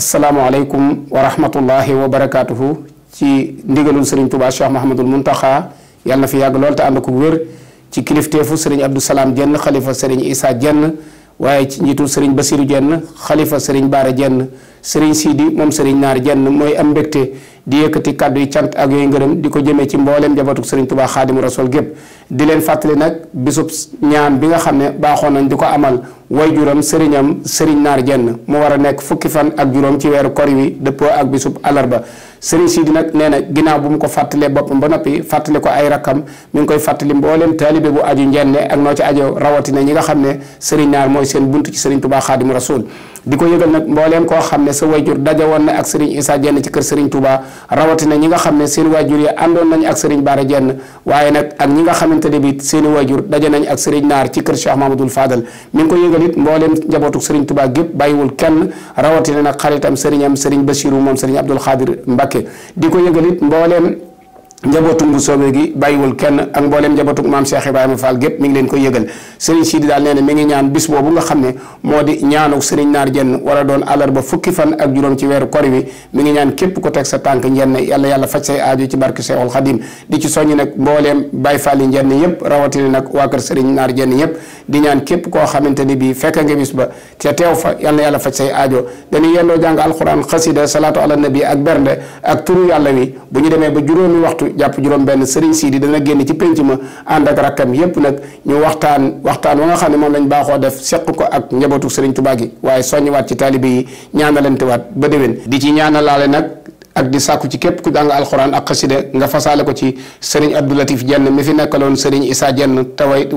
asalaamualeykum wa rahmatullahi wa barakaatuhu ci ndigalul sëriñ Touba Cheikh Mahamadul Muntaxa yàlla fi yàgg lool te ànd ko wér ci kilifteefu sëriñ Abdou Salaam Jenn xalifa sëriñ Isaa Jenn waaye ci njiitul sëriñ Basiru Jenn xalifa sëriñ Baara Jenn sëriñ Sidi moom sëriñ Naar jenn mooy am mbégte di yëkkati kàddu yi cant ak yooyu ngërëm di ko jëmee ci mbooleem jabatug sëriñ Tuubaa Xaadimu Rasuul gépp di leen fàttali nag bisub ñaan bi nga xam ne baaxoon nañ di ko amal wayjuram sëriñam sëriñ Naar jenn mu war a nekk fukki fan ak juróom ci weeru kor wi dëppoo ak bisub àllarba sëriñ Sidi nag nee na ginnaaw bu mu ko fàttalee boppam ba noppi fàttali ko ay rakkam mi ngi koy fàttali mbooleem taalibe bu aju njenne ak noo ci ajo rawatina ñi nga xam ne sëriñ Naar mooy seen bunt ci sëriñ Tuubaa Xaadimu Rasuul di ko yëgal nag mbooleem koo xam ne sa wayjur daja woon na ak Serigne Issa Diène ci kër Serigne tubaa rawatina ñi nga xam ne seeni waajur yi àndoon nañ ak Serigne Bara Diène waaye nag ak ñi nga xamante ne bi seeni i waajur daja nañ ak Serigne Naar ci kër Cheikh Mahamadoul Fadal mi ngi ko yëgal it mbooleem njabootu sëriñ tubaa gépp bàyyiwul kenn rawatina nag xaritam Serigne am Serigne Bassirou moom Serigne Abdoul Khadir Mbacké di ko yëgal it mbooleem njabootu bu soobee gi bàyyiwul kenn ak mbooleem njabootu maam Cheikh Ibrahima Fall gépp mi ngi leen ko yëgal Serigne Sidi daal nee na mi ngi ñaan bis boobu nga xam ne moo di ñaanu Serigne Naar Jenn a doon àllarba fukki fan ak juróom ci weeru kor wi mi ngi ñaan képp ko teg sa tànk njenn yàlla yàlla faj say aajo ci koo xamante ni bii fekk nga bis ba te teew fa yàlla yàlla faj say aajo dañuy yendoo jàng alxuraan xasida salaatu ala nabi ak bernde ak turu yàlla wi bu ñu demee ba juróomi waxtu jàpp juróom-benn sii Sidi dana génn ci penc ma ànd ak rakkam yépp nag ñu waxtaan waxtaan wa nga xam ne moom lañ baaxoo def seq ko ak njabootu Serigne Touba gi waaye soññiwaat ci taalibe yi ñaanalantewaat ba déwén di ci ñaanalaale nag. ak di sàkku ci képp ku jàng alxuraan ak xasida nga fasaale ko ci sëriñ Abdou Latif Jenn mi fi nekkaloon sëriñ Isaa Jenn te way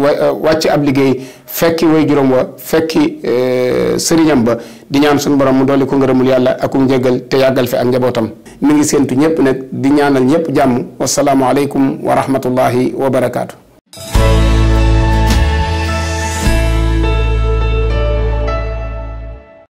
wàcc ab liggéey fekki way juróom wa fekki eh, sëriñam ba di ñaan suñu borom mu dolli ko ngërëmul yàlla akum njëgal te yàggal fi ak njabootam mi ngi séentu ñëpp nag di ñaanal ñëpp jàmm wasalaamualeykum wa rahmatullahi wa barakaatu.